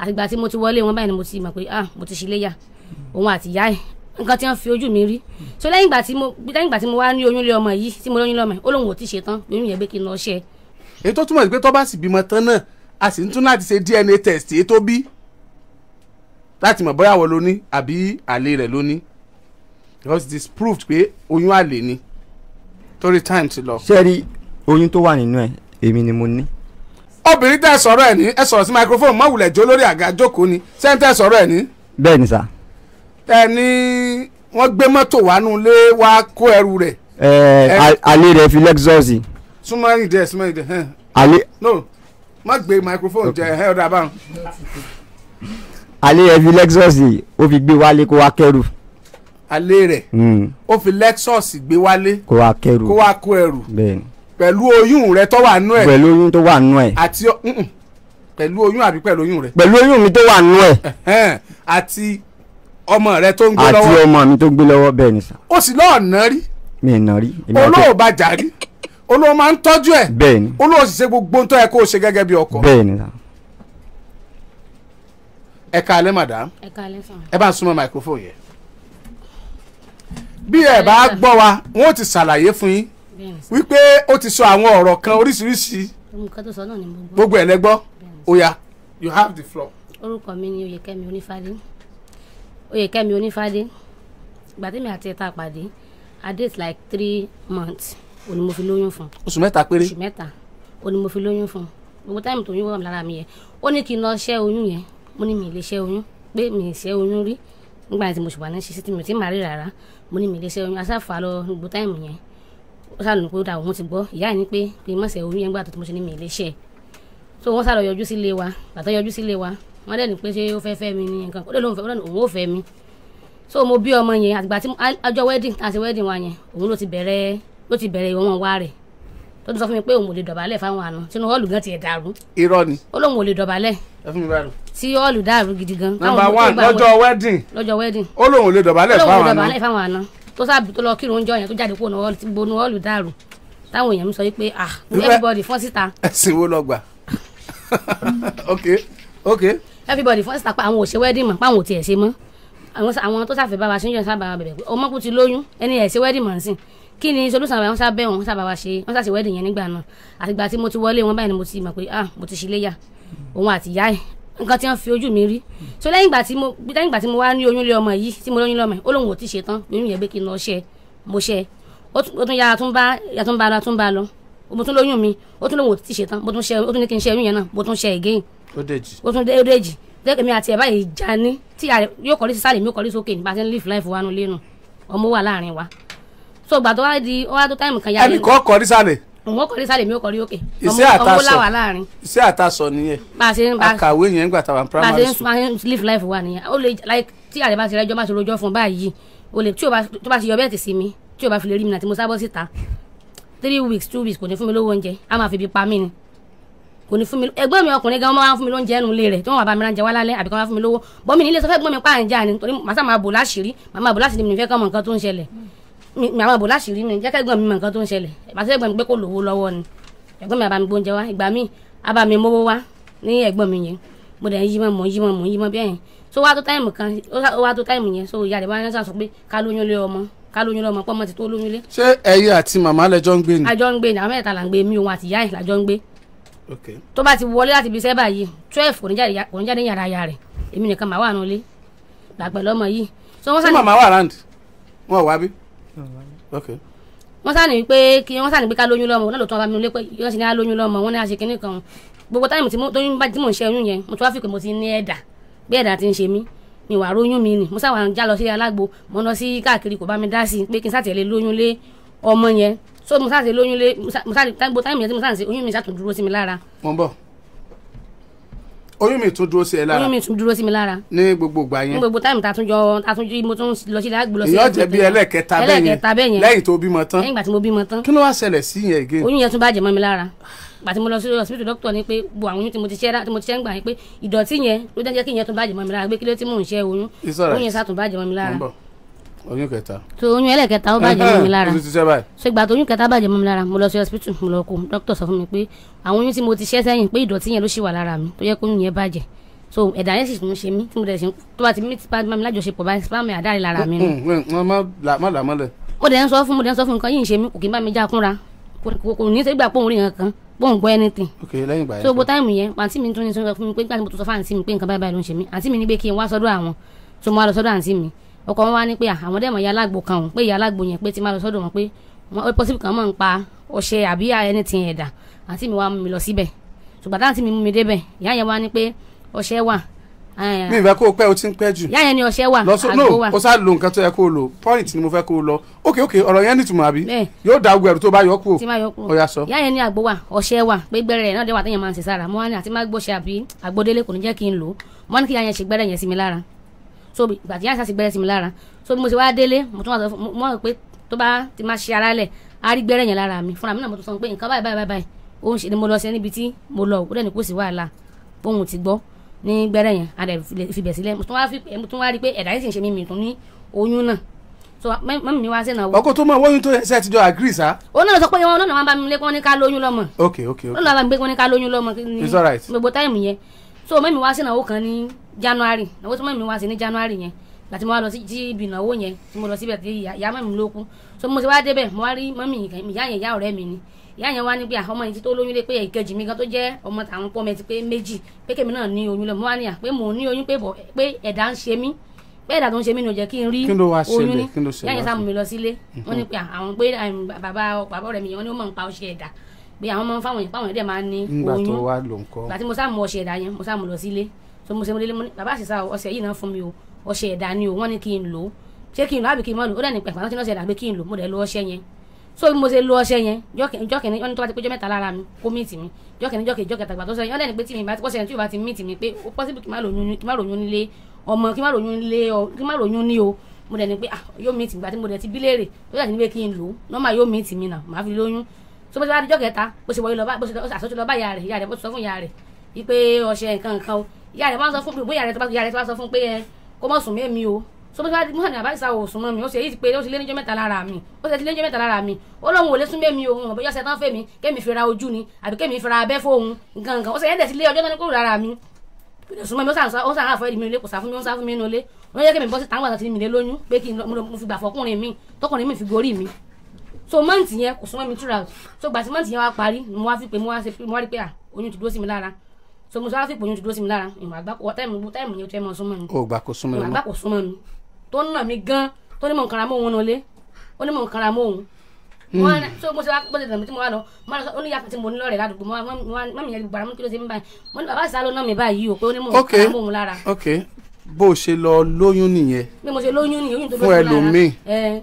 àtìgbà tí mo ti wọlé wọn báyìí ni mo ti mọ̀ pé ah mo ti ṣiléyà òun àti ìyá ẹ̀ nǹkan tí wọ́n fi ojú mi rí so lẹ́yìn ìgbà tí mo lẹ́yìn ìgbà tí mo wá ní oyún lé ọmọ yìí tí mo lóyún lọ́mọ yìí ó lóun ò ti ṣe tán oyún yẹn gbé kí n lọ ṣe. èyí tó túmọ̀ sí pé tó bá sì bímọ tán náà a sì ń tún láti ṣe DNA test èyí tó bí láti mọ̀ bóyá wọ́n ló ní àbí àlè rẹ̀ ló ní because it is proved pé oyún àlè ni torí time ti lọ. sẹ́ẹ̀rì oyún tó wà nínú ẹ̀ èmi ni mo ní obìnrin tẹ́ sọ̀rọ̀ ẹ̀ ní ẹ sọ̀rọ̀ sí microphone má wulẹ̀ jó lórí àga jókòó ni sẹ́ni tẹ́ sọ̀rọ̀ ẹ̀ ní. bẹ́ẹ̀ ni sà. ẹ ní wọ́n gbé mọ́tò wánú lé wá kó ẹrù rẹ̀. ẹ alẹ́ rẹ̀ fi lexus. súnmọ́ ẹ̀yìn dẹ̀ súnmọ́ ẹ̀yìn dẹ̀. alẹ́. no má gbé microphone jẹ ẹ̀ ọ̀dà báwọn. alẹ́ rẹ̀ fi lexus ó fi gbé wálé kó wá kẹrù alẹ́ rẹ̀ hmm. ó fi lexus gbé wálé kó wá kẹrù kó wá kó ẹrù. bẹ́ẹ̀ pẹ̀lú oyún rẹ tó wà nú ẹ̀. pẹ̀lú oyún tó wà nú ẹ̀. àti mm, mm. pẹ̀lú oyún àbí pẹ̀lú oyún rẹ. pẹ̀lú oyún mi tó wà nú ẹ̀. àti ọmọ rẹ tó ń gbé lọ́wọ́. àti ọmọ mi tó ń gbé lọ́wọ́ bẹ́ẹ̀ ni sà. sì lọ́ọ̀ ná rí. mi ì ná rí. olóòbá jà rí olóò máa ń tọ́jú ẹ̀. bẹ́ẹ̀ ni. olóò sì ṣe gbogbo ohun tó yẹ kó o ṣe gẹ́gẹ́ bí ọkọ. bẹ́ẹ̀ ni ẹ káalẹ́ madam. ẹ káalẹ́ sà. ẹ bá ń súnmọ́ microphone yẹn. bí ẹ bá gbọ́ wa wọ́n ti ṣàlàyé fún yín wípé ó ti sọ àwọn ọ̀rọ̀ kan oríṣiríṣi gbogbo ẹ̀ lẹ́gbọ́ oya you have the floor. orúkọ mi ni oyèkẹ́mi onífádé oyèkẹ́mi onífádé gbàtẹ́mi àti ẹ̀ta pàdé i date like three months òní mo fi lóyún fún. oṣù mẹ́ta péré oṣù mẹ́ta òní mo fi lóyún fún gbogbo táìmù tó yún wà lára mi yẹn ó ní kí n lọ ṣẹ́ oyún yẹn mo ní mi lè ṣẹ́ oyún pé mi ṣẹ́ oyún rí nígbà tí mo ṣùgbọ́n ní ṣe sí ti mi ò tí ì má rí rárá mo ní mi lè ṣẹ́ oyún aṣáfà lọ gbogbo táìmù yẹn ṣàlùmí pé ó dà òun ti gbọ́ ìyá ẹ̀ ní pé pé mọ̀sẹ̀ orí yẹn gbà tó mo ṣe ní mi ilé so wọ́n sàlọ̀ yọjú sílé wa bàtọ́ yọjú sílé wa wọ́n dẹ̀ ní pé ṣé ó fẹ́ fẹ́ mi ní nǹkan ó dẹ̀ lóun fẹ́ òun ó fẹ́ mi so mo bí ọmọ yẹn àgbà tí ọjọ́ wedding àti wedding wa yẹn òun ló ti bẹ̀rẹ̀ ló ti bẹ̀rẹ̀ ìwọ̀n wa rẹ̀ tó ti sọ fún mi pé òun ò lè dọ̀bálẹ̀ fáwọn àna sínú họ́ọ̀lù gan tiẹ̀ dàrú. irọ́ ni. ó lóun ò lè dọ̀bálẹ̀. ẹ fún mi báyìí. tí họ́ọ̀lù dàrú gidi gan. number one lọ́jọ́ wedding. lọ́jọ́ wedding. ó lóun ò lè dọ̀bálẹ̀ fáwọn àna. ó lóun ò lè dọ̀bálẹ̀ fáwọn àna tó sábà tó lọ kírun oúnjẹ yẹn tó jáde kó gbónú ọ́ọ̀lù dàrú táwọn èèyàn ń sọ pé ah everybody fọ́n síta. ẹ̀sìn wo lọ gbà ok ok. everybody fọ́n síta pa àwọn ò wedding mọ́ pa àwọn ò tiẹ̀ ṣe mọ́ àwọn tó sáfẹ́ bá wa ṣe ń jọ sábà bẹ̀rẹ̀ pé ọmọ kú ti lóyún ẹni ẹ̀ ṣe wedding mọ́ nísìn kí ni solution àwọn sábẹ́ wọn sábà wa ṣe wọ́n sáṣe wedding yẹn nígbà náà àtìgbà tí mo ti wọlé wọn báyìí ni mo ti mọ̀ pé ah mo ti ṣe iléyà òun àti ẹ̀ nǹkan tí wọ́n fi ojú mi rí so lẹ́yìn ìgbà tí mo lẹ́yìn ìgbà tí mo wá ní oyún lé ọmọ yìí tí mo lóyún lọ́mọ yìí ó lóun ò ti ṣe tán oyún yẹn pé kí n lọ ṣe mo ṣe ó tún yára tún bá yàtọ̀ ń bá ara tún bá lọ mo tún lóyún mi ó tún lóun ò ti ṣe tán mo tún ṣe ó tún ní kí n ṣe oyún yẹn náà mo tún ṣe again ó dèjì ó tún dèjì tẹ́kẹ̀mí àti ẹ̀ báyìí já ní tí yóò kọ́rí sí sálẹ̀ mi yóò kọ́rí sókè nípa tí ń live life wa nulẹ̀ nù ọmọ wà láàrin wa so gbàtọ́ wa di ọwọ́ tó táìmù kan yára ẹnì kan kọ́rí sálẹ̀ òun kọrí sálẹ̀ mi ò kọrí òkè ọmọ láwà láàrin. iṣẹ́ àtàsọ nìyẹn akàwé yẹn gbà táwọn primary school. bá ń live life wa nìyẹn ó lè like tí àlẹ́ bá ti rẹ́jọ́ bá ti rojọ́ fún báyìí o lè tí o bá ti yọ bẹ́ẹ̀ tì sí mi tí o bá fi lè rí mi náà tí mo sábọ́ síta three weeks two weeks kò ní fún mi lówó oúnjẹ á máa fi ibi pa mí ni kò ní fún mi ẹ̀gbọ́n mi ọkùnrin gan máa ń fún mi lóúnjẹ ẹnu ilé rẹ̀ tí wọn wà bá mi ránjẹ wá lálẹ́ àbí kan máa fún mi lówó bọ́mí nílé sọ fẹ́ gbọ́n mi pààyàn jáà ni torí màá sá máa bò láṣìírí màá máa bò láṣìírí mi nífẹ̀ẹ́ kọ́ mọ̀ nǹkan tó ń ṣẹlẹ̀ mi àwọn àbò láṣìírí ni jẹ́ kẹ́gbọ́n mi mọ nǹkan tó ń ṣẹlẹ̀ ìbáṣe ẹ̀gbọ́n mi pé kò lówó lọ́wọ́ ni ẹ̀gbọ́n mi àbámi gbóúnjẹ wá ìgbà mi àbámi mówó wá ní ẹ̀gbọ́n mi yẹn mo dẹ̀ ń yí mọ́ mọ́ yí mọ́ mọ́ yí mọ́ bẹ́ẹ̀ yẹn so wá tó táìmù kan ó wá tó táìmù yẹn so ìyá rẹ̀ bá yẹn sàṣọ pé ká lóyún lé ọmọ ká lóyún lé ọmọ pọ́ ọmọ ti tó lóyún lé. ṣé ẹ̀yin àti màmá lẹjọ ń gbé ni. àjọ ń gbé ni àwọn mẹ́ta là ń gbé mi òun àti ìyá ẹ̀ làjọ ń gbé. tó bá ti wọlé láti ibi iṣẹ́ báyìí twelve kò ní jáde yàrá ya rẹ̀ èmi nìkan màá wà nulẹ̀ làgbẹ̀ lọ́mọ yìí. ṣé màmá wà ráǹdì wọn ò bí wọ́n sàní pé kí wọ́n sàní pé ká lóyún lọ́mọ náà ló tún abamínú lé pé yọ́n sì ní ká lóyún lọ́mọ wọ́n ní àṣẹ kínní kan gbogbo táyà tí mò ń ṣe oyún yẹn mo tún wá fi pé mo ti ní ẹ̀dà bí ẹ̀dà ti ń ṣe mí mi wà róyún mi ni mo sáwà já lọ sí alágbo mo lọ sí káàkiri kò bá mi dá sí pé kí n sàtẹ̀lé lóyún lé ọmọ yẹn so mo sàtẹ̀ lóyún lé mo sàtẹ̀ táyà tí mo sàtẹ̀ oyún mi sàtúndúró sí mi lára. mo ń oyún mi tún dúró sí ẹ lára oyún mi tún dúró sí mi lára ní gbogbo ìgbà yẹn ní gbogbo táìmù tatúnjọ tatúnjọ mo tún lọ sí ìdágbò lọ sí ìyọjẹ bíi ẹlẹ́kẹta bẹ́ẹ̀ yẹn lẹ́yìn tó bímọ tán lẹ́yìn ìgbà tí mo bímọ tán kí ló wá ṣẹlẹ̀ sí yẹn again oyún yẹn tún bàjẹ́ mọ́ mi lára ìgbà tí mo lọ sí hospital doctor ni pé bo àwọn oyún tí mo ti ṣẹ́ tí mo ti ṣẹ́ ń gbà yẹn pé ìdọ̀tí yẹn ló jẹ́ kí yẹn tún bàjẹ́ mọ́ mi lára pé kí ló ti mò ń ṣẹ́ oyún oyún yẹn sá tún bàjẹ́ mọ́ mi lára oyún kẹta. tó oyún ẹlẹ́kẹta ó bàjẹ́ mọ́ mi lára so ìgbà tó oyún kẹta bàjẹ́ mọ́ mi lára mo lọ sí hospital mo lọ kó dókítà sọ fún mi pé àwọn oyún tí mo ti ṣẹ́ sẹ́yìn pé ìdọ̀tí yẹn ló ṣì wà lára mi tó yẹ kó oyún yẹn bàjẹ́ so ẹ̀dá yẹn sì ń ṣe mí tí mo dẹ̀ ṣe tó bá ti mí ti pàmì lájọṣepọ̀ báyìí pàmì àdáre lára mi. Mm, mm, mm, má là mọ́lẹ̀. mo dẹ̀ ń sọ fún mo dẹ̀ ń sọ fún nǹkan yìí ń ṣe mí kò kí n bá mi já kúnra kò ní í sẹ́gbà pòun rí nǹkan bóun gbọ́ anything. ok lẹ́yìn ìgbà yẹn. so gbogbo táìmù yẹn àǹtí mi tún ní sọ fún mi pé nígbà tí mo tún sọ fún àǹtí mi pé nǹkan báyìí báyìí ló ń ṣe mí àǹtí mi ní pé kí n wá sọ́dọ̀ àwọn so mo wá sọ́dọ̀ àǹtí mi ọkọ wọn wá ní pé àwọn dẹ́mọ̀ ya alágbo kan òun pé ìyá alágbo yẹn pé ti máa lọ sọ́dọ̀ wọn pé wọ́n pọ́sibú kan mọ̀ ń pa ọṣẹ àbí ẹni tí yẹn dà àǹtí mi wá mú mi lọ síbẹ̀ ṣùgbọ́n táǹtí mi mú mi débẹ̀ ìyá yẹn wá ní pé ọṣẹ wà. mi ìfẹ́ kó o pẹ́ o ti ń pẹ́ jù. ìyá yẹn ni ọṣẹ wà àgbo wà. o sá lo nǹkan tó yẹ kó o lò point ni mo fẹ́ kó o lọ ok ok ọ̀rọ̀ yẹn nítumọ̀ àbí yóò da ogun ẹ̀rù tó bá yọ kúrò tí máa yọ kúrò ọ̀yà sọ. ìyá ní àgbo àbí àgbọ̀délé kò so ìgbà tí àṣà sì gbẹ́rẹ́ sí lára so bí mo ṣe wá délé mo tún wà sọ fún mo rò pé tó bá ti máa ṣe ara lẹ̀ á rí gbẹ́rẹ́ yẹn lára mi fúnra mi náà mo tún sọ pé nǹkan báyìí báyìí báyìí ó ṣe ni mo lọ sí níbi tí mo lọ ó dẹ̀ ní kò sí wàhálà ohun ti gbọ́ ní gbẹ́rẹ́ yẹn a dẹ̀ fibẹ̀ sílẹ̀ mo tún wá rí pé ẹ̀dá yìí sì ń ṣe mí mi tún ní oyún náà so mọ́mí mi wá sí ìnáwó. ọkọ tó mọ owó yín tó ṣe ti jọ àgírí sá. òun náà sọ pé wọn náà wọn bá mi lé kí wọn ní ká lóyún lọ́mọ. ok ok ok wọn náà bá mi lé kí wọn ní ká lóyún lọ́mọ. it's alright. gbogbo táìmù yẹn so mẹ́mi wá sí ìnáwó kan ní january ìnáwó tí mẹ́mi wá sí ní january yẹn ìgbà tí mo wá lọ sí ibi ìnáwó yẹn tí mo lọ síbẹ̀ tí ìyá mẹ́mi ló kú so mo ti wá débẹ̀ mo wá rí mẹ́mi ìyá yẹn ìyá ọ̀rẹ́ mi ni ìyá yẹn wá ní pé ọmọ yìí tó lóyún lé pé ìkejì mi gan tó jẹ́ ọmọ tàwọn pọ́ọ́mẹ ti pé méjì pé kèmi náà ní oyún lọ mo wá ní à pé mo ní oyún pé ẹ̀dá ń ṣe mí bẹ́ẹ̀ dà ṣe mí ni ò jẹ́ kí n rí oyún ní yáyẹn sá mú mi lọ sílé mm-hmm. wọ́n ní pé àwọn pé bàbá ọ̀rẹ́ mi yẹn wọ́n ní ó mọ̀ nípa ọṣẹ ẹ̀dá pé àwọn ọmọ fáwọn fáwọn yẹn dẹ̀ máa ní oyún nígbà tó wá ló ń kọ́. gbàtí mo sá mú ọṣẹ ẹ̀dá yẹn mo sá mú lọ sílé so mo ṣe mo délé mo ní bàbá àṣìṣà ọṣẹ yìí náà fún mi o ọṣẹ ẹ̀dá ni o wọ́n ní kí n lò ó ṣé kí n lò àbí kí n mọ́ lò ó dẹ̀ ní pẹ̀pẹ́ àwọn tí wọ́n ṣe ẹ̀dá pé kí n lò mo dẹ̀ lo ọṣẹ yẹn so bí mo ṣe lo ọṣẹ yẹn jọ kìnní wọn ní tó bá ti péjọ mẹ́ta lára mi kó míìtì mi jọ kìnní jọ kìnní jọ mo dẹ̀ ni pé ah yóò míìtì mi gbà tí mo dẹ̀ ti bíléèrè ó dẹ̀ ni kí n lò ó nọ́mà yóò míìtì mi nà màá fi lóyún tó bó ṣe wá di jọ́kẹ́ta bó ṣe wọlé lọ bá bó ṣe àṣọ́jú lọ bá ìyá rẹ̀ ìyá rẹ̀ bó sọ fún ìyá rẹ̀ ipe ọṣẹ nǹkan kan o ìyá rẹ̀ bá sọ fún ìyá rẹ̀ tó bá sọ fún pé ẹ kó mọ̀ sùn mẹ́mi o tó bó ṣe wá di muhammed abayisa o sùn mọ́ mi ó ṣe yìí pé ó ti lé níjọ́ mẹ́ta lára mi ó ṣe ti lé níjọ́ mẹ́ta lára mi ó lóun ò lè sún mẹ́mi o òun bóyá ṣe tán fèmí kémi fira ojú ni àbí kémi fira abẹ́ fóun nǹkan nǹkan ó ṣe yẹn dẹ̀ lé ọjọ́ náà kúrò lára mi sùn mọ́ mi ó sàn ó sàn àfọ ìdìmí ilé kò sá fún mi ó sá fún mi nínú ó yẹ kémi bọ́ sí tàǹgbà tí mi lé lóyún pé kí n mo fi gbà fọkùnrin mi tọkùnrin mi fi gorí mi so month yẹn kò súnmọ́ mi two rounds so gbàtí month yẹn wá parí mo wá fi pé mo wá ṣe pé mo wá rí pé à oyún ti dúró sí mi lára so mo wá fi pé oyún ti dúró sí mi lára ìmọ̀ àgbà kò táìmù táìmù yẹn o tẹ́ mọ súnmọ́ mi. o gbà kó súnmọ́ mi. ìmọ̀ àgbà kò súnmọ́ mi tó ń nà mí gan tó ní mọ̀ nǹkan ra mọ́ òun nulẹ̀ ó ní mọ̀ nǹkan ra mọ́ òun wọn hmm. so mo ṣe wá gbọ́dọ̀ tẹmí tí mo wá lọ mo lọ ní yàtọ̀ tí mo ní lọrẹ ládùúgbò mo wá mọ mi yẹn gbàrà mo kí ló ṣe ń báyìí mo ní bàbá ìsàlọ náà mi báyìí o pé ó ní mò ń kà mò ń lára. ok bó o ṣe lọ lóyún nìyẹn. bí mo ṣe lóyún nìyẹn oyún tó lóyún lára fún ẹlòmíì. ẹ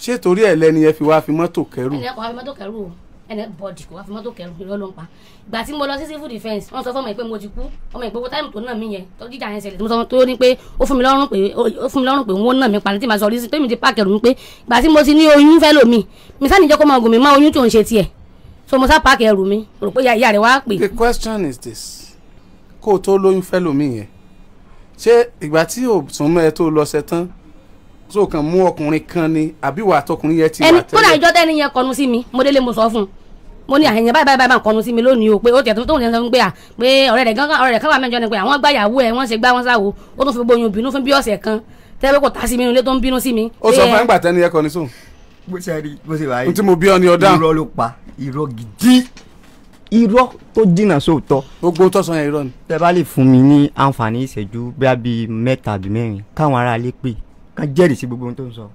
ṣé torí ẹ lẹni yẹn fi wá fi mọ́tò kẹrù. ẹnì kan wá fi mọ́tò kẹrù o ẹnì bọ̀dì kò wá fi mọ́tò kẹrù irọ́ ló ń pa ìgbà tí mo lọ sí civil defence wọ́n sọ fún ọmọ yìí pé mo ti kú ọmọ yìí pé owó táìmù tó nà mí yẹn tó jíjà yẹn ṣẹlẹ̀ mo sọ tó ní pé ó fún mi lọ́rùn pé ó fún mi lọ́rùn pé wọ́n nà mí pa ní tí màá sọ rí sí pé mi ti pààkì ẹ̀rù mi pé ìgbà tí mo ti ní oyún fẹ́ lómi mi sáà níjẹ́ kó máa gùn mi má oyún tó ń ṣe tiẹ̀ so mo sáà pààkì ẹ̀rù mi rò pé ìyá rẹ̀ wá pè. the question is this kó o tó lóyún fẹ́ lómi yẹn ṣé ìgbà tí òsùnmọ́ ẹ tó lọ ṣetán so kan mú ọkùnrin kan ni àbí wà tọkùnrin yẹn ti wà tẹ́lẹ̀. ẹni kódà ìjọ tẹ́ni yẹn kọnu sí mi mo délé mo sọ fún un mo ní àyẹ̀yẹ̀ ah, báyìí báyìí báyìí kọnu sí mi lónìí o pé ó tẹ̀tún tóun yẹn sọ fún pé à ah, pé ọ̀rẹ́ rẹ̀ gángan ọ̀rẹ́ rẹ̀ káwá mẹ́jọ ni pé àwọn gbàyàwó ẹ̀ wọ́n ṣe gbá wọn sáwo ó tún fi gbogbo oyún bínú fún bí ọ̀sẹ̀ kan tẹ́lẹ̀ kò tá sí mi nílé tó ń bínú sí mi. ó sọ fún àgbà tẹ́ni yẹn kọnu sóun. bó ṣe rí bó ṣe wáyé. n mo bí ọ ni ọ̀dà. irọ́ ló pa irọ́ gidi irọ́ tó jìnnà sóòótọ́. gbogbo tó sọ yẹn irọ́ ni. tẹ bá lè fún mi ní àǹfààní ìṣẹ́jú bí kan jẹ́rìí sí gbogbo ohun tó ń sọ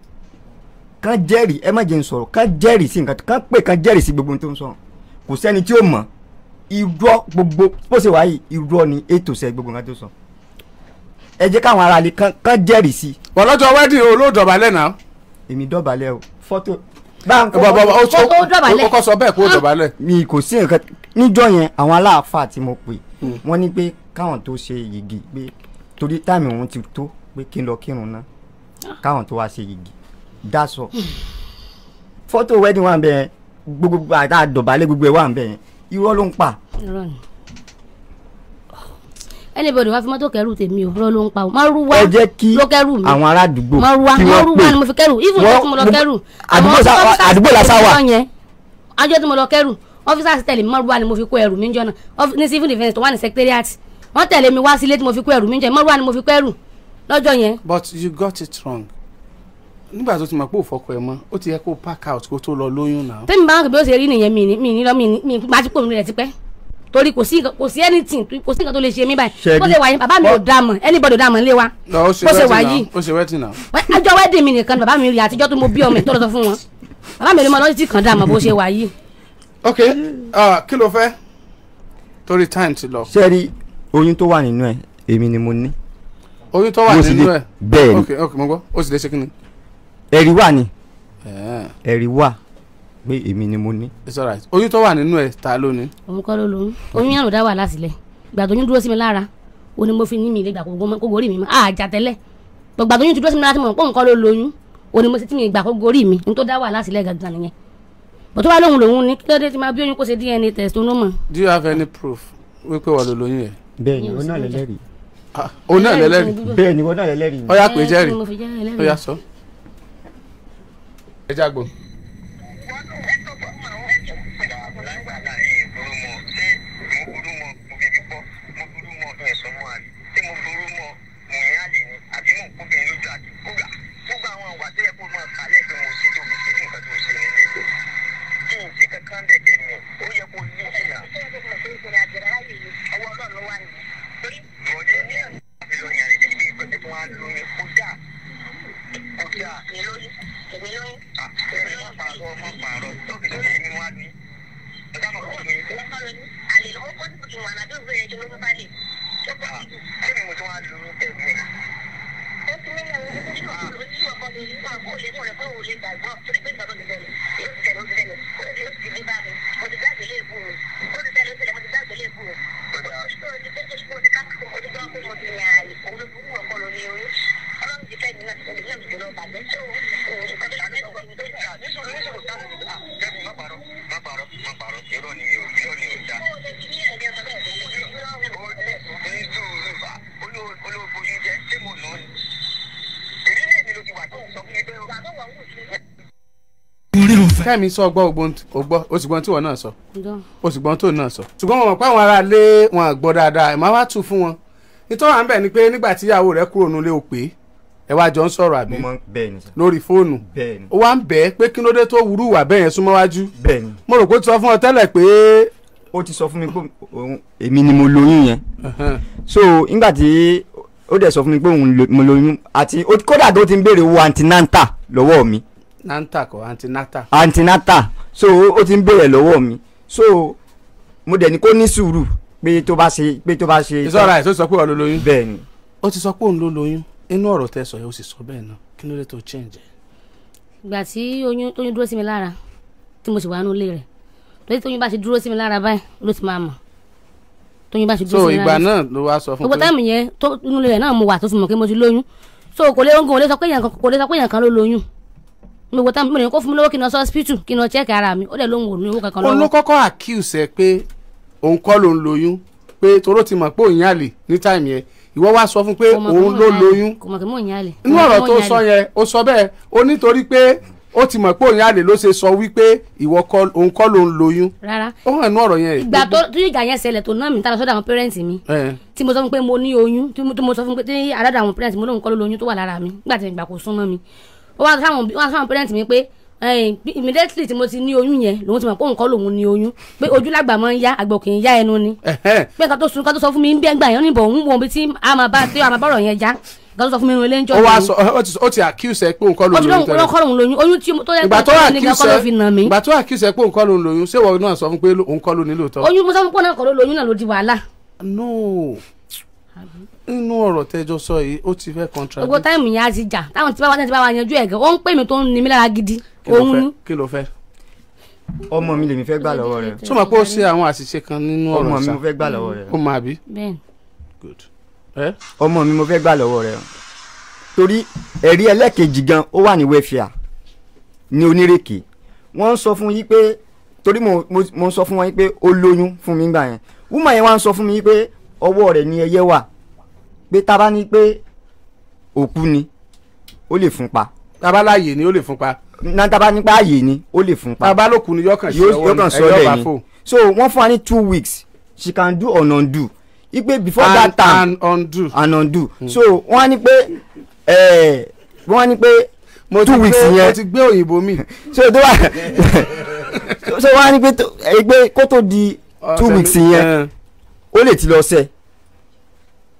kan jẹ́rìí ẹ má jẹ́ n sọ̀rọ̀ kan jẹ́rìí sí nǹkan kan pè kan jẹ́rìí sí gbogbo ohun tó ń sọ kò sẹ́ni tí ó mọ̀ irọ́ gbogbo bó ṣe wáyé irọ́ ni ètò sẹ́ gbogbo nǹkan tó sọ ẹ jẹ́ káwọn aráàlú kan kan jẹ́rìí sí. ọlọ́jọ́ wẹ́dìn olóòdọ̀bálẹ̀ náà. èmi dọ̀bálẹ̀ o fọ́tò fọ́tò dọ̀bálẹ̀. sọ bẹ́ẹ̀ kó o dọ̀bálẹ̀. mi kò sí nǹkan níjọ́ yẹn àwọn aláàfáà tí mo pè hmm. wọ́n ní pé káwọn tó ṣe yìgì pé torí táìmì òun ti tó pé kí n lọ kírun náà káwọn tó wá ṣe igi that's all fọ́tò wedding wà ń gbogbo àti àdọ̀bálẹ̀ gbogbo ẹ̀ wà ń bẹ̀ ló ń pa. anybody wá fi mọ́tò kẹrù tèmi o irọ́ ló ń pa o márùwá ló kẹrù mi àwọn ará àdúgbò ni mo fi kẹrù even tó tí mo lọ kẹrù àdúgbò lásán wà àjọ tí mo lọ kẹrù ọ́fíìsà sì tẹ̀lé mi márùwá ni mo fi kó ẹrù mi jọ náà ní civil defence tó wà ní secretariat wọ́n tẹ̀lé mi wá sílé tí mo fi kó ẹrù mi jọ márùwá ni mo fi kó ẹrù lọ́jọ́ yẹn. but you got it wrong nígbà tó ti mọ̀ pé òfọkọ ẹ̀ mọ́ ó ti yẹ kó pack out kó tó lọ lóyún náà. tẹ́mi bá ń bí ó ṣe rí nìyẹn mi ní mi ní lọ mi ní mi máa ti pò mí rẹ̀ tipẹ́ torí kò sí kò sí anything kò sí nǹkan tó lè ṣe mí báyìí bó ṣe wà yìí bàbá mi ò dá mọ̀ anybody ò dá mọ̀ nílé wa bó ṣe wà yìí ó ṣe wẹ́tì náà. ọjọ́ wẹ́dì mi nìkan bàbá mi rí àtijọ́ tó mo bí ọmọ ìtọ́lọ́sọ fún wọn bàbá mi ò ní mọ lọ́jọ́ tí kan dá mọ̀ bó ṣe wà yìí. ok kí ló fẹ́ torí time ti lọ. ṣé rí oyún tó wà nínú ẹ èmi ni mo ní oyún tó wà nínú ẹ bẹ́ẹ̀ ni ok ok mo gbọ́ ó sì lè ṣe kí ni. ẹ̀rí wà ni ẹ̀rí wà pé èmi ni mo ní. it's alright oyún tó wà nínú ẹ ta ló ní. òun kọ́ ló lóyún oyún yàrá ò dá wàhálà sílẹ̀ ìgbà tó yún dúró sí mi lára ó ní mo fi ní mi ìlẹ́gbà kó gorí mi mọ́ àjà ah, tẹ́lẹ̀ gbọ̀gbà tó yún ti dúró sí mi lára tí mo mọ̀ pé òun kọ́ ló lóyún ó ní mo ti ti mi ìgbà kó gorí mi n tó dá wàhálà sílẹ̀ gàdúrà nìyẹn bọ̀tọ́ wa lóhun lòun ní kí lóde tí máa bí oyún kó ṣe DNA test ó ló mọ̀. do you have any proof wípé wà ló lóyún yẹn. bẹ́ẹ̀ni ó náà lẹlẹrìí òun náà lẹ́lẹ́rìí bẹ́ẹ̀ ni wọ́n náà lẹ́lẹ́rìí. ó yá pé jẹ́rìí ó yá sọ. ẹ jágbó. I love kẹ́mi sọ ọgbọ́n ògbọ́n ó sì gbọ́n tí wọ́n náà sọ ó sì gbọ́n tó náà sọ. ṣùgbọ́n wọn mọ̀ pé àwọn ará ilé wọn gbọ́ dáadáa ẹ̀ máa wá tù fún wọn nítorí à ń bẹ̀ ni pé nígbà tí ìyàwó rẹ̀ kúrò nílé o pé ẹ wá jọ ń sọ̀rọ̀ àbí lórí fóònù ó wá ń bẹ̀ pé kí ló dé tó wúrú wà bẹ́ẹ̀ yẹn súnmọ́ wájú mo rò pé ó ti sọ fún ọ tẹ́lẹ̀ pé. ó ti sọ fún mi pé èmi ni mo lóyún yẹn so nígbà tí ó dẹ̀ sọ fún mi pé òun mo lóyún àti kódà tó ti ń béèrè owó antinanta lọ́wọ́ mi nanta kọ antinata. antinata so ó ti ń béèrè lọ́wọ́ mi so mo dẹ̀ ní kó ní sùúrù pé tó bá ṣe pé tó bá ṣe. ìsọra ẹ̀ tó sọ pé òun ló lóyún. bẹ́ẹ̀ni. ó ti sọ pé òun ló lóyún inú ọ̀rọ̀ tẹ sọ yẹn ó sì sọ bẹ́ẹ̀ náà kí ló dé tó change. ìgbà tí oyún oyún dúró sí mi lára tí mo sì wà nínú ilé rẹ̀ lóyún tóyún bá ṣe dúró sí mi lára báyìí ló ti máa mọ̀ tóyún bá ṣe dúró sí mi lára. so ìgbà náà ló wá sọ fún pé. gbogbo táìmù yẹn tó inú ilé náà mo wà tó ti mọ̀ pé mo ti lóyún so kò lè kò lè sọ pé èèyàn kan ló lóyún mi wò tán mi ní kó fún mi lówó kí n lọ sọ́sìpítù kí n lọ chẹ́ẹ̀kì ara mi ó dẹ̀ lóhùn òní owó kankan lọ́wọ́. olókọ́kọ́ accuse ẹ pé òun kọ́ ló ń lóyún pé toró ti mọ̀ pé òun yàn lè ní táìmù yẹn ìwọ wá sọ fún pé òun ló lóyún inú ọ̀rọ̀ tó sọ yẹn ó sọ bẹ́ẹ̀ ó nítorí pé ó ti mọ̀ pé òun àlè ló ṣe sọ wípé ìwọ òun kọ́ ló ń lóyún. rárá ó hàn ní ọ̀rọ̀ ó wá sáwọn ó wá sáwọn parent mi pé immediately tí mo ti ní oyún yẹn lòun ti mọ̀ pé òun kọ́ lòun ní oyún pé ojú lágbà máa ń yá àgbà kì í yá ẹnu ni pé nǹkan tó sun nǹkan tó sọ fún mi ń bí ẹgbà yẹn ó ní bọ̀ òun wọ̀ bí tí a máa bá tí a máa bọ̀rọ̀ yẹn já nǹkan tó sọ fún mi ń wọlé ń jọ lóyún. ó ti accuse ẹ pé òun kọ́ lòun lóyún tẹ́lẹ̀. ó kọ́ lòun lóyún oyún tí tó yẹ kó tó ní kọ́ ló fi nà mí. ìgbà tó accuse ẹ pé òun kọ́ lòun lóyún ṣé ìwọ náà sọ fún pé òun kọ́ ló ní lóòótọ́. oyún mo sọ fún pé òun no nínú ọ̀rọ̀ tẹ́jọ sọ yìí ó ti fẹ́ contradict. gbogbo táìmù yẹn á ti jà táwọn tí bá wà náà ti bá yanjú ẹ̀ gan ó ń pè mí tó ń ni mí lára gidi. kí ló fẹ́ ọmọ mi lèmi fẹ́ gbà lọ́wọ́ rẹ̀. sọ ma pé ó ṣe àwọn àṣìṣe kan nínú ọ̀rọ̀ sá ọmọ mi mo fẹ́ gbà lọ́wọ́ rẹ̀. ó máa bí. ọmọ mi mo fẹ́ gbà lọ́wọ́ rẹ̀ torí ẹ̀rí ẹlẹ́ẹ̀kejì gan ó wà ní wẹ́fíà ní onírèké wọ́n ń sọ fún yín pé torí mo ń sọ fún wọn ni ẹyẹ pé tá bá ní pé òkú ni ó lè fún pa. tá bá láàyè ni ó lè fún pa. náà tá bá ní pé àyè ni ó lè fún pa. tá bá lókun ni yọkàn sí ọwọ́ ni so wọ́n fún wa ní two weeks she can do and undo ipe before and, that time and undo and undo hmm. so wọ́n á ní pé eh, wọ́n á ní pé two weeks yẹn mo ti gbé òyìnbó mi. so tó wà so wọ́n á ní pé eh, kó tó di two weeks yẹn eh. ó lè ti lọ sẹ́ẹ̀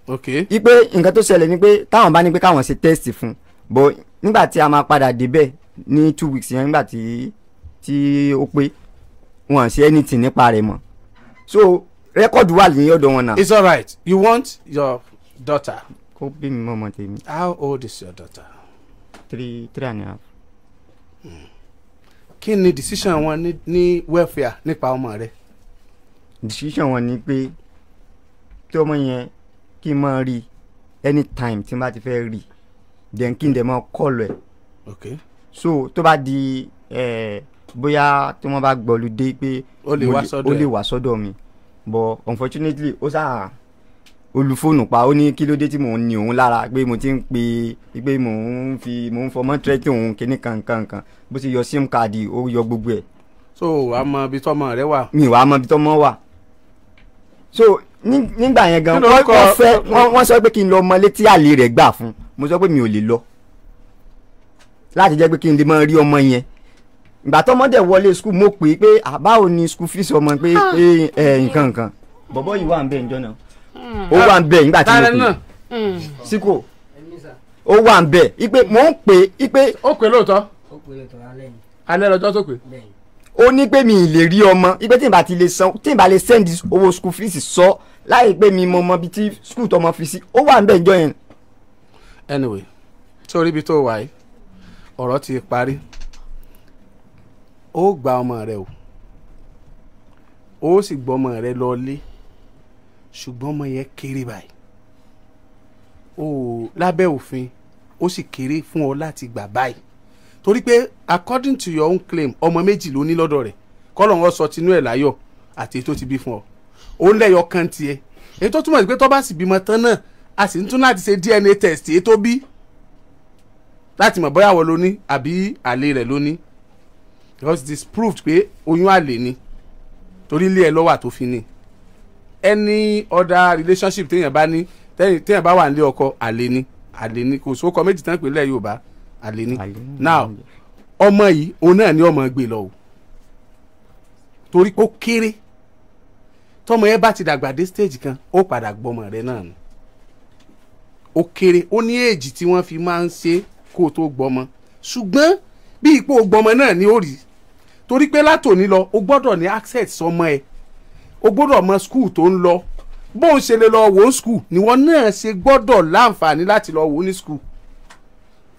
ipe nǹkan tó ṣẹlẹ̀ ni pé táwọn bá ní pé káwọn ṣe test fún bọ́ nígbà tí a máa padà débẹ̀ ní two weeks yẹn nígbà tí tí ó pé wọn ṣe anything nípa rẹ̀ mọ́ so record wà ní ọ̀dọ̀ wọn náà. it's alright you want your daughter. kó bí mi mọ̀ ọmọ tèmi. how old is your daughter. three three and a half. Mm. kí ni decision wọn ní ní welfare nípa ọmọ rẹ. decision wọn ni pé tí ọmọ yẹn kí n máa rí anytime tí n bá ti fẹ́ rí then kí n dẹ̀ máa kọ́ọ̀lù ẹ̀. okay. so tó bá di eh, bóyá tí wọ́n bá gbọ́lu dé pé ó lè wá sọ́dọ̀ mi but unfortunately ó sáà olùfóònù pa ó ní kí ló dé tí mò ń ní òun lára pé mo ti ń pe pé mò ń fi mò ń fọmọ tírẹ́tì òun kíní kankan kan bó ti yọ sim káàdì ó yọ gbogbo ẹ̀. so wàá mọ ibi tọmọ rẹ wà. mi wàá mọ ibi tọmọ wà. so nígbà yẹn gan wọ́n sọ pé kí n lọ ọmọ létí àlè rẹ̀ gbà fún mo sọ pé mi ò lè lọ láti jẹ́ pé kí n lè máa rí ọmọ yẹn ìgbà tọmọdé wọlé skul mo pè é pé àbáwo ni skul fees ọmọ pé ah. nǹkan nǹkan bọ̀bọ̀ yìí wà ń bẹ̀ ǹjọ́ náà hmm. ó wà ń bẹ̀ nígbà tí mo pè é hmm. síkò ó wà ń bẹ̀ ipe mò ń pè é ipe. ó pè lóòótọ́ alẹ́ lọ́jọ́ tó pè é ó ní pé mi ì lè rí ọmọ ipe tí n bá ti lè san tí n bá lè send owó school fees sọ láì pé mi mọ ọmọ bíi tí school tọmọ fi sí ó wà níbẹ̀ ìjọ yẹn. anyway torí ibi tó wà yìí ọ̀rọ̀ ti parí ó gba ọmọ rẹ o ó sì gbọ́ ọmọ rẹ lọlé ṣùgbọ́n ọmọ yẹn kéré báyìí ó lábẹ́ òfin ó sì kéré fún ọ láti gbà báyìí torí pé according to your own claim ọmọ méjì ló ní lọ́dọ̀ rẹ̀ kọ́lọ̀ wọn sọ tinú ẹ̀ láyọ̀ àti ètò ti bí fún ọ òun lẹ́yọ̀ kan tiẹ̀ ètò túmọ̀ sí pé tọ́ bá sì bímọ tán náà a sì ń tún láti ṣe DNA test ètò bí láti mọ̀ bóyá wọ́n ló ní àbí àlè rẹ̀ ló ní because it is proved pé oyún àlè ni torí ilé ẹ lọ́wọ́ àtòfin ni any other relationship téèyàn bá ní téèyàn bá wà nílé ọkọ àlè ni àlè ni kò sókọ méjì tán pé lẹ́yìn Yorùbá àlè now ọmọ yìí òun náà ni ọmọ gbé lọ o torí ó kéré tọmọ yẹn bá ti dàgbà dé stage kan ó padà gbọmọ rẹ náà ni ó kéré ó ní èjì tí wọ́n fi máa ń ṣe kó tó gbọmọ ṣùgbọ́n bí ipò gbọmọ náà ni ó rí torí pé látòní lọ o gbọ́dọ̀ ní access sọmọ ẹ o gbọ́dọ̀ mọ school tó ń lọ bóun ṣe lè lọ wò ó school níwọ náà ṣe gbọ́dọ̀ láǹfààní láti lọ wò ó ní school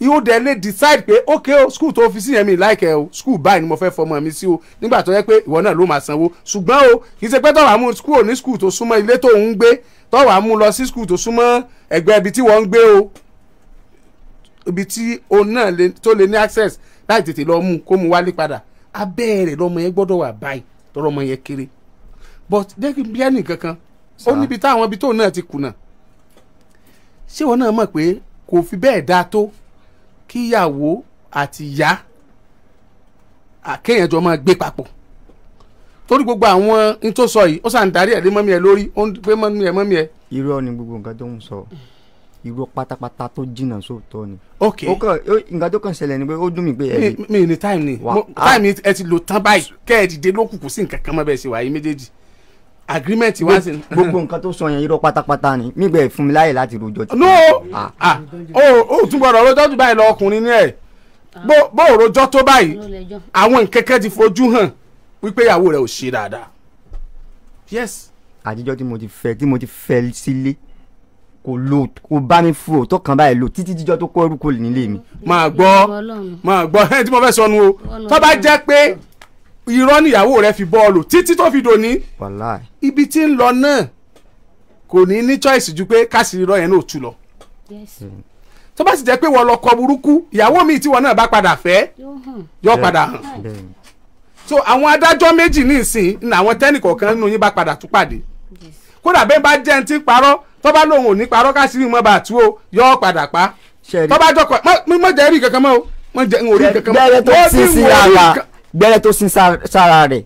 yóò dẹ̀ lè decide pé ok o oh, school tó fi sí yẹn mi láìkẹ́ o school báyìí ni mo fẹ́ fọmọ mi sí o nígbà tó yẹ pé ìwọ náà ló máa sanwó ṣùgbọ́n o kì í ṣe pé tọ́wọ́ àmú school ní school tó súnmọ́ ilé tó ń gbé tọ́wọ́ àmú lọ sí school tó súnmọ́ ẹgbẹ́ ibi tí wọ́n ń gbé o ibi tí o náà tó lè ní access láì tètè lọ mú kó mu wálé padà abẹ́ rẹ̀ lọ́mọ yẹn gbọ́dọ̀ wà báyìí tọ́rọ ọmọ yẹn kéré but jẹ́ kí n bí ẹnì kankan ó níbi táwọn ibi tó náà ti kùnà ṣé wọn náà mọ̀ pé kò fi bẹ́ẹ̀ dáa tó kíyàwó àti ìyá àkéèyàn jọ máa gbé papọ̀ torí gbogbo àwọn n tó sọ yìí ó sàn darí ẹ̀ lé mọ́mí ẹ lórí ó ń gbé mọ́mí ẹ mọ́mí ẹ. irọ́ ni gbogbo nǹkan tó ń sọ irọ́ pátápátá tó jìnnà sóòótọ́ ni. ok ó kàn nǹkan tó kàn ṣẹlẹ̀ ni pé ó dùn mí pé ẹ. mi ni time ni time ẹ ti lo tán báyìí kẹ́ ẹ dìde lókùnkùn sí nǹkan kan mọ́ bẹ́ẹ̀ ṣe wáyé méjèèjì agreement wa sí. gbogbo nǹkan tó sọ yẹn irọ́ pátápátá ni níbẹ̀ fún mi láyè láti rojọ́ tí. no ah, ah. o ò tún gbọdọ̀ rojọ́ tó báyìí lọ ọkùnrin ni ẹ̀ bó o rojọ́ tó báyìí àwọn nǹkan kan ti fojú hàn wípé ìyàwó rẹ̀ ò ṣe dáadáa. yes. àtijọ́ tí mo ti fẹ́ tí mo ti fẹ́ sílé kò lo kò bá mi fún òótọ́ kan báyìí lò títí jíjọ́ tó kọ́ ẹrú kò nílé mi. máa gbọ́ máa gbọ́ ẹni tí mo fẹ́ sọnù o tó bá jẹ́ pé irọ́ níyàwó rẹ fi bọ́ọ̀lù títí tó fi dòní ibi tí ń lọ náà kò ní ní choice ju pé káṣí irọ́ yẹn náà tú lọ. Hmm. tó bá sì jẹ́ pé wọ́n lọ kọ burúkú ìyàwó mi tí wọ́n náà bá padà fẹ́ yọ padà hàn. so àwọn adájọ́ méjì ní ìsìn ní àwọn tẹ́nì kọ̀ọ̀kan nínú yín bá padà tún pàdé. kódà bẹ́ẹ̀ bá jẹ́ ẹni tí ń parọ́ tó bá lòun ò ní parọ́ káṣí ìmọ̀ bá tú o yọ padà pa. tó bá jọ kọ mọ jẹ́ rí kankan mọ́ o mọ jẹ́ rí kankan mọ́ o. ti sí ara gbẹ́rẹ́ tó sin sára rẹ̀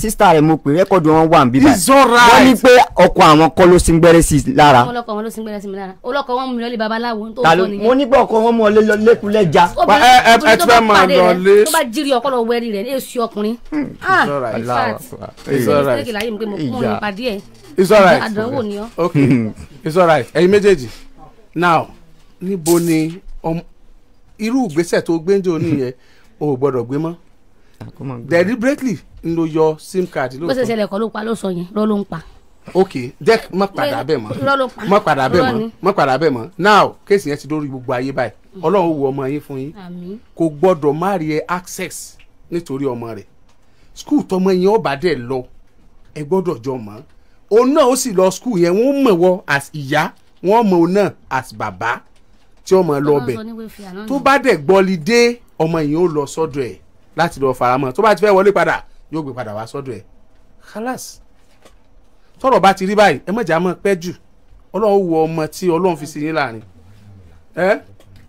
sísítà rẹ̀ mo pè rẹ́kọ̀dù wọn wà níbí báyìí wọ́n ní pé ọkọ àwọn kọ́ ló sin gbẹ́rẹ́ sí i lára. ọlọkọ wọn ló sin gbẹ́rẹ́ sí mi lára ọlọkọ wọn mú mi lọlé babaláwo tó sọ nìyẹn. mo ní pé ọkọ wọn mú ọ lẹkulẹ ja. ẹ ẹ tí wọn máa lọ lé. tó bá jírí ọkọ lọ wẹrí rẹ ní ọkùnrin. it's ah, alright okay it's alright ẹyin méjèèjì now níbo ni irú ìgbésẹ̀ tó gbé ń jò nìyẹn o ò gbọ́dọ̀ gbé mọ́ deliberately n lo yọ sim card lóòótọ́. bó ṣe ṣẹlẹ̀ kọ́ ló pa ló sọ yẹn rọ́ ló ń pa. ok jẹ́ má padà bẹ́ẹ̀ mọ́ má padà bẹ́ẹ̀ mọ́ má padà bẹ́ẹ̀ mọ́ now kéèsì yẹn ti dórí gbogbo ayé báyìí mm. ọlọ́run wo ọmọ yín fún yín kò gbọ́dọ̀ má rí ẹ access nítorí ọmọ rẹ̀ school tọmọ yẹn ọba dẹ̀ lọ ẹ gbọ́dọ̀ jọ mọ́ òun náà ó sì lọ school yẹn wọ́n mọ̀ wọ́ as ìyá wọ́n mọ̀ òun náà as bàbá tí ọmọ lọ bẹ̀ tó bá dẹ̀ gbọ́lidé ọmọ yẹn ó lọ sọ́dọ̀ ẹ̀ láti lọ faramọ́ tó bá ti fẹ́ wọlé padà yóò gbé padà wá sọ́dọ̀ ẹ̀ kálásì tọ́rọ̀ bá ti rí báyìí ẹ mọ̀jà mọ̀ pẹ́ jù ọlọ́run wọ ọmọ tí ọlọ́run fi sí yín láàrin ẹ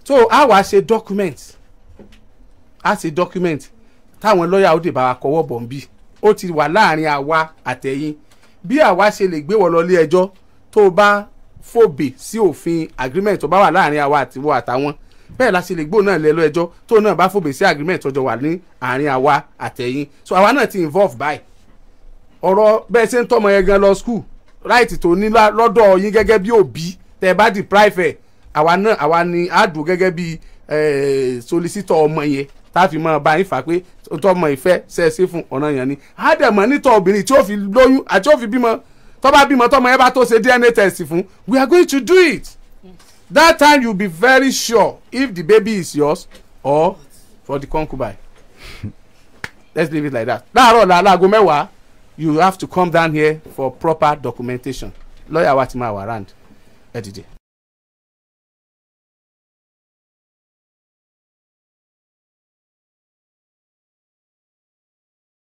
so a wá ṣe document a ṣe document táwọn lọ́ọ̀yà ó dè bá wa kọ́wọ́ bọ̀ ń bí ó ti wà láàrin àwa àtẹ̀yìn bí àwa ṣe lè gbé wọ́n lọ ilé ẹjọ́ tó bá fòbè sí òfin agreement tó bá wà láàrin àwa àtiwọ́ àtàwọn bẹ́ẹ̀ la ṣe lè gbóná lẹ́lọ́ ẹjọ́ tó náà bá fòbè sí agreement tọjọ́ wà ní àárín àwa àtẹ̀yìn so àwa náà ti involve báyìí ọ̀rọ̀ bẹ́ẹ̀ ṣe ń tọmọ yẹn gan lọ school right tó ní lọ́dọ̀ yín gẹ́gẹ́ bí òbí tẹ́ bá di private àwa náà àwa ni a gẹ́gẹ́ bí solicitor ọmọ yẹn tá a fi máa bá yín fà pé tọmọ ìfẹ́ ṣẹ́ẹ́sì fún ọ̀nà yẹn ni a dẹ̀ obìnrin tí ó fi lóyún àti ó fi bímọ tó bá bímọ tọmọ yẹn bá tó ṣe DNA test fún we are going to do it that time you be very sure if the baby is yours or for the concubine let's leave it like that láàárọ̀ làlágo mẹ́wàá you have to come down here for proper documentation Lawyer, wa ti máa wà round ẹ